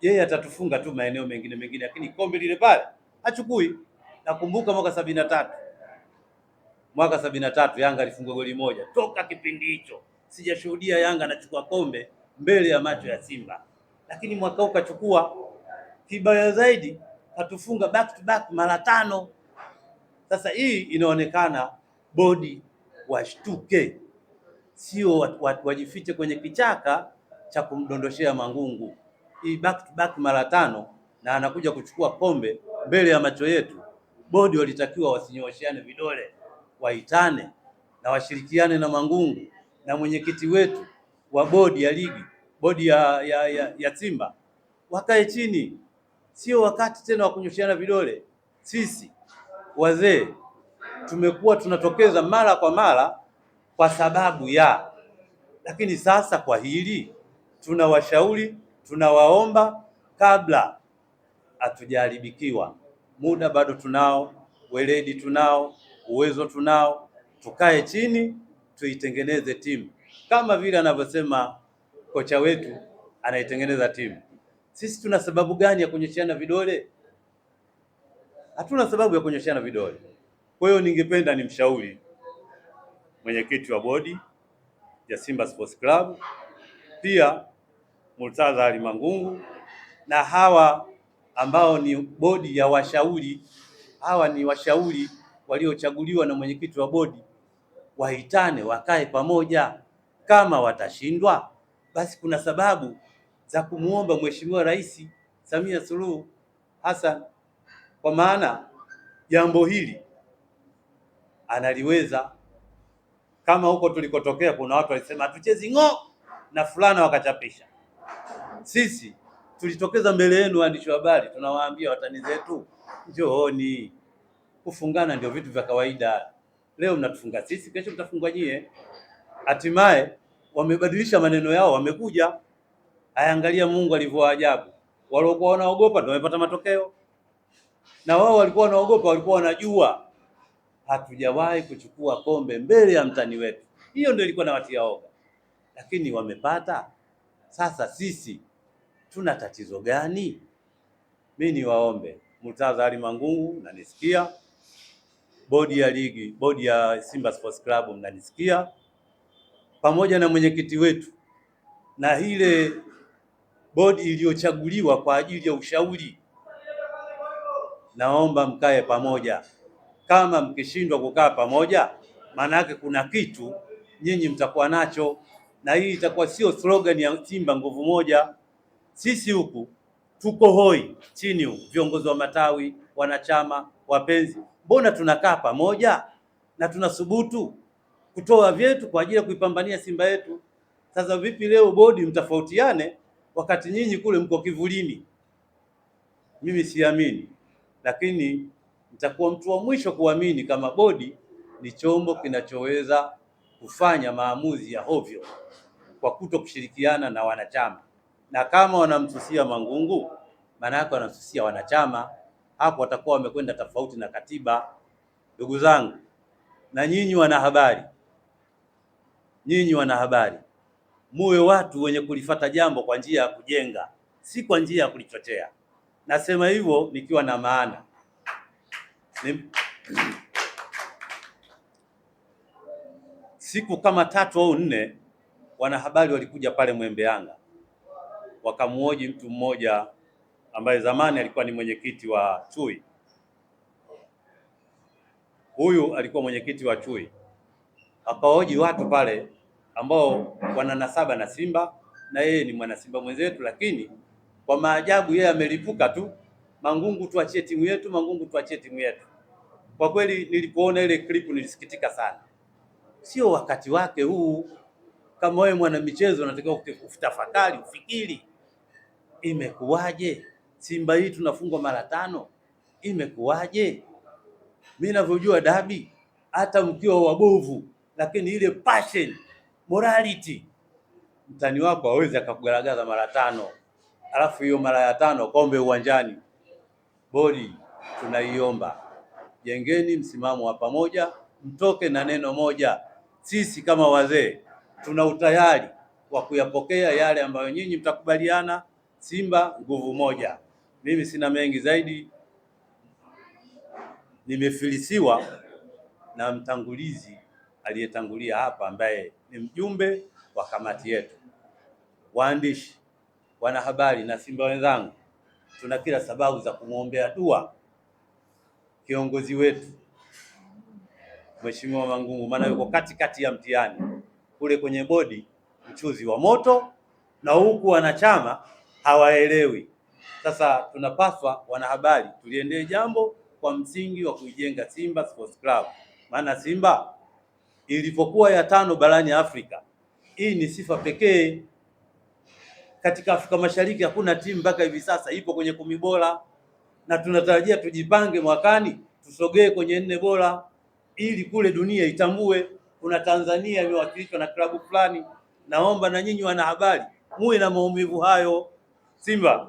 yeye atatufunga tu maeneo mengine mengine, lakini kombe lile pale hachukui. Nakumbuka mwaka sabini na tatu mwaka sabini na tatu Yanga alifunga goli moja. Toka kipindi hicho sijashuhudia Yanga anachukua kombe mbele ya macho ya Simba, lakini mwaka huu kachukua. Kibaya zaidi katufunga back to back mara tano. Sasa hii inaonekana bodi washtuke, sio wajifiche kwenye kichaka cha kumdondoshea mangungu hii back to back mara tano na anakuja kuchukua pombe mbele ya macho yetu, bodi walitakiwa wasinyoosheane vidole, waitane na washirikiane na Mangungu na mwenyekiti wetu wa bodi ya ligi, bodi ya, ya, ya, ya Simba wakae chini. Sio wakati tena wa kunyosheana vidole. Sisi wazee tumekuwa tunatokeza mara kwa mara kwa sababu ya, lakini sasa kwa hili tunawashauri tunawaomba kabla hatujaharibikiwa. Muda bado tunao, weledi tunao, uwezo tunao, tukae chini tuitengeneze timu kama vile anavyosema kocha wetu anaitengeneza timu. Sisi tuna sababu gani ya kunyosheana vidole? Hatuna sababu ya kunyosheana vidole. Kwa hiyo ningependa nimshauri mwenyekiti wa bodi ya Simba Sports Club pia Murtadha Ali Mangungu na hawa ambao ni bodi ya washauri. Hawa ni washauri waliochaguliwa na mwenyekiti wa bodi, wahitane wakae pamoja. Kama watashindwa, basi kuna sababu za kumwomba Mheshimiwa Rais Samia Suluhu Hassan, kwa maana jambo hili analiweza. Kama huko tulikotokea kuna watu walisema hatuchezi ng'o na fulana wakachapisha sisi tulitokeza mbele yenu waandishi wa habari, tunawaambia watani zetu njooni. Kufungana ndio vitu vya kawaida. Leo mnatufunga sisi, kesho mtafungwa nyie. Hatimaye wamebadilisha maneno yao, wamekuja ayaangalia Mungu alivyowaajabu. Waliokuwa wanaogopa ndio wamepata matokeo, na wao walikuwa wanaogopa, walikuwa wanajua hatujawahi kuchukua kombe mbele ya mtani wetu. Hiyo ndio ilikuwa na watia oga, lakini wamepata. Sasa sisi tuna tatizo gani? Mi niwaombe Murtaza Ali Mangungu, mnanisikia? Bodi ya ligi, bodi ya Simba Sports Club, mnanisikia? Pamoja na mwenyekiti wetu na ile bodi iliyochaguliwa kwa ajili ya ushauri, naomba mkae pamoja. Kama mkishindwa kukaa pamoja, maana yake kuna kitu nyinyi mtakuwa nacho, na hii itakuwa sio slogan ya Simba nguvu moja sisi huku tuko hoi chini huku, viongozi wa matawi, wanachama, wapenzi, mbona tunakaa pamoja na tunasubutu kutoa vyetu kwa ajili ya kuipambania Simba yetu. Sasa vipi leo bodi mtafautiane wakati nyinyi kule mko kivulini? Mimi siamini, lakini nitakuwa mtu wa mwisho kuamini kama bodi ni chombo kinachoweza kufanya maamuzi ya hovyo kwa kuto kushirikiana na wanachama na kama wanamsusia Mangungu, maana yake wanamsusia wanachama. Hapo watakuwa wamekwenda tofauti na katiba. Ndugu zangu, na nyinyi wanahabari, nyinyi wanahabari, muwe watu wenye kulifata jambo kwa njia ya kujenga, si kwa njia ya kulichochea. Nasema hivyo nikiwa na maana Nim... siku kama tatu au nne wanahabari walikuja pale Mwembe Yanga wakamwoji mtu mmoja ambaye zamani alikuwa ni mwenyekiti wa chui. Huyu alikuwa mwenyekiti wa chui, akawaoji watu pale ambao wana nasaba na Simba na yeye ni mwanasimba mwenzetu, lakini kwa maajabu yeye amelipuka tu, Mangungu tuachie timu yetu, Mangungu tuachie timu yetu. Kwa kweli nilipoona ile clip nilisikitika sana. Sio wakati wake huu. Kama wewe mwana michezo, unatakiwa utafakari, ufikiri imekuwaje? Simba hii tunafungwa mara tano, imekuwaje? Mimi navyojua dabi, hata mkiwa wabovu, lakini ile passion morality, mtani wako hawezi akakugaragaza mara tano, alafu hiyo mara ya tano kombe uwanjani. Bodi tunaiomba jengeni msimamo wa pamoja, mtoke na neno moja. Sisi kama wazee tuna utayari wa kuyapokea yale ambayo nyinyi mtakubaliana Simba nguvu moja. Mimi sina mengi zaidi, nimefilisiwa na mtangulizi aliyetangulia hapa ambaye ni mjumbe wa kamati yetu. Waandishi, wanahabari na Simba wenzangu, tuna kila sababu za kumwombea dua kiongozi wetu Mheshimiwa Mangungu, maana yuko katikati ya mtihani kule kwenye bodi, mchuzi wa moto na huku wanachama hawaelewi. Sasa tunapaswa wanahabari, tuliendee jambo kwa msingi wa kuijenga Simba Sports Club, maana Simba ilipokuwa ya tano barani Afrika, hii ni sifa pekee katika Afrika Mashariki. Hakuna timu mpaka hivi sasa ipo kwenye kumi bora, na tunatarajia tujipange mwakani tusogee kwenye nne bora, ili kule dunia itambue kuna Tanzania imewakilishwa na klabu fulani. Naomba na nyinyi wanahabari muwe na maumivu hayo. Simba.